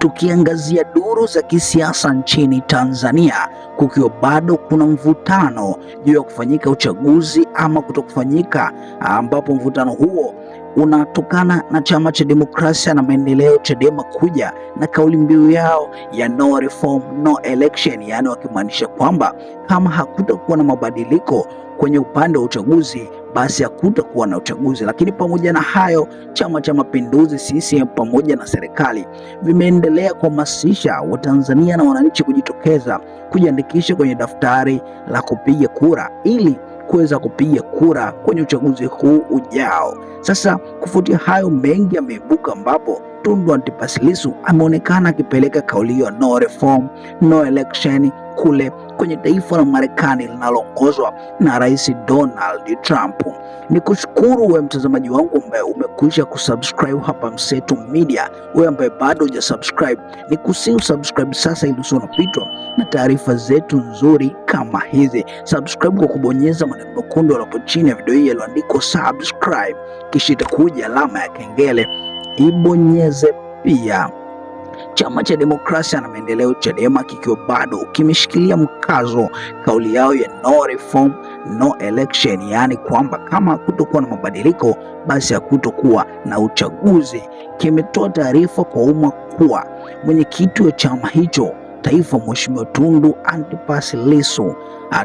Tukiangazia duru za kisiasa nchini Tanzania, kukiwa bado kuna mvutano juu ya kufanyika uchaguzi ama kutokufanyika, ambapo mvutano huo unatokana na chama cha demokrasia na maendeleo Chadema kuja na kauli mbiu yao ya no reform no election, yaani wakimaanisha kwamba kama hakutakuwa na mabadiliko kwenye upande wa uchaguzi basi hakutakuwa na uchaguzi. Lakini pamoja na hayo, Chama cha Mapinduzi CCM pamoja na serikali vimeendelea kuhamasisha Watanzania na wananchi kujitokeza kujiandikisha kwenye daftari la kupiga kura ili kuweza kupiga kura kwenye uchaguzi huu ujao. Sasa kufuatia hayo mengi yameibuka, ambapo Tundu Antipas Lissu ameonekana akipeleka kauli hiyo no reform, no election kule kwenye taifa la Marekani linaloongozwa na Rais Donald Trump. Ni kushukuru wewe mtazamaji wangu ambaye umekwisha kusubscribe hapa Mseto Media. Wewe ambaye bado hujasubscribe, ni kusiu subscribe sasa, ili usionopitwa na taarifa zetu nzuri kama hizi. Subscribe kwa kubonyeza maneno mekundu yaliyopo chini ya video hii yaliyoandikwa subscribe, kisha itakuja alama ya kengele, ibonyeze pia. Chama cha Demokrasia na Maendeleo Chadema kikiwa bado kimeshikilia mkazo kauli yao ya no reform no election, yaani kwamba kama kutokuwa na mabadiliko basi hakutokuwa na uchaguzi. Kimetoa taarifa kwa umma kuwa mwenyekiti wa chama hicho taifa Mheshimiwa Tundu Antipas Lissu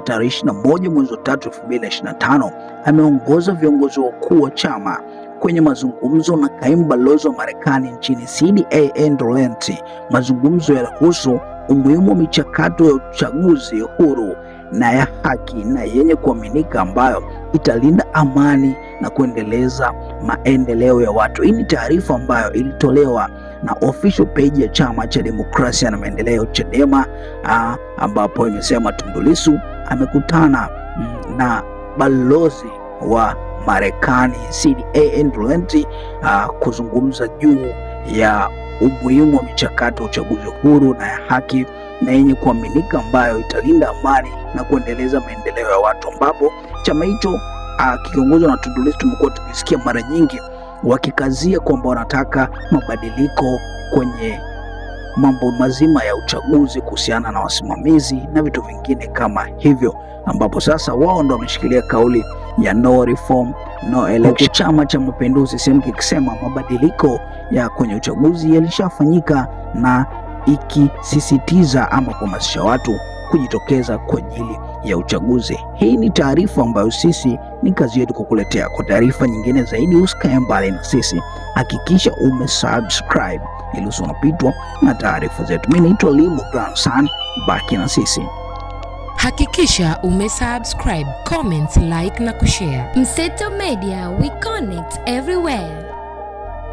tarehe 21 mwezi wa 3 2025 ameongoza viongozi wakuu wa chama kwenye mazungumzo na kaimu balozi wa Marekani nchini CDA Andrew Lenti. Mazungumzo yalihusu umuhimu wa michakato ya uchaguzi huru na ya haki na yenye kuaminika ambayo italinda amani na kuendeleza maendeleo ya watu. Hii ni taarifa ambayo ilitolewa na official page ya Chama cha Demokrasia na Maendeleo Chadema, ah, ambapo imesema Tundu Lissu amekutana mm, na balozi wa Marekani CDA Andrew Lenti uh, ah, kuzungumza juu ya umuhimu wa michakato ya uchaguzi huru na ya haki na yenye kuaminika ambayo italinda amani na kuendeleza maendeleo ya watu, ambapo chama hicho uh, kikiongozwa na Tundu Lissu tumekuwa tukisikia mara nyingi wakikazia kwamba wanataka mabadiliko kwenye mambo mazima ya uchaguzi kuhusiana na wasimamizi na vitu vingine kama hivyo, ambapo sasa wao ndo wameshikilia kauli ya no reform no election. Chama cha Mapinduzi sehemu kikisema mabadiliko ya kwenye uchaguzi yalishafanyika na ikisisitiza ama kuhamasisha watu kujitokeza kwa ajili ya uchaguzi. Hii ni taarifa ambayo sisi ni kazi yetu kukuletea. Kwa taarifa nyingine zaidi, usikae mbali na sisi, hakikisha umesubscribe ili unapitwa na taarifa zetu. Mimi naitwa Limu San, baki na sisi. Hakikisha umesubscribe, comment, like na kushare. Mseto Media, we connect everywhere.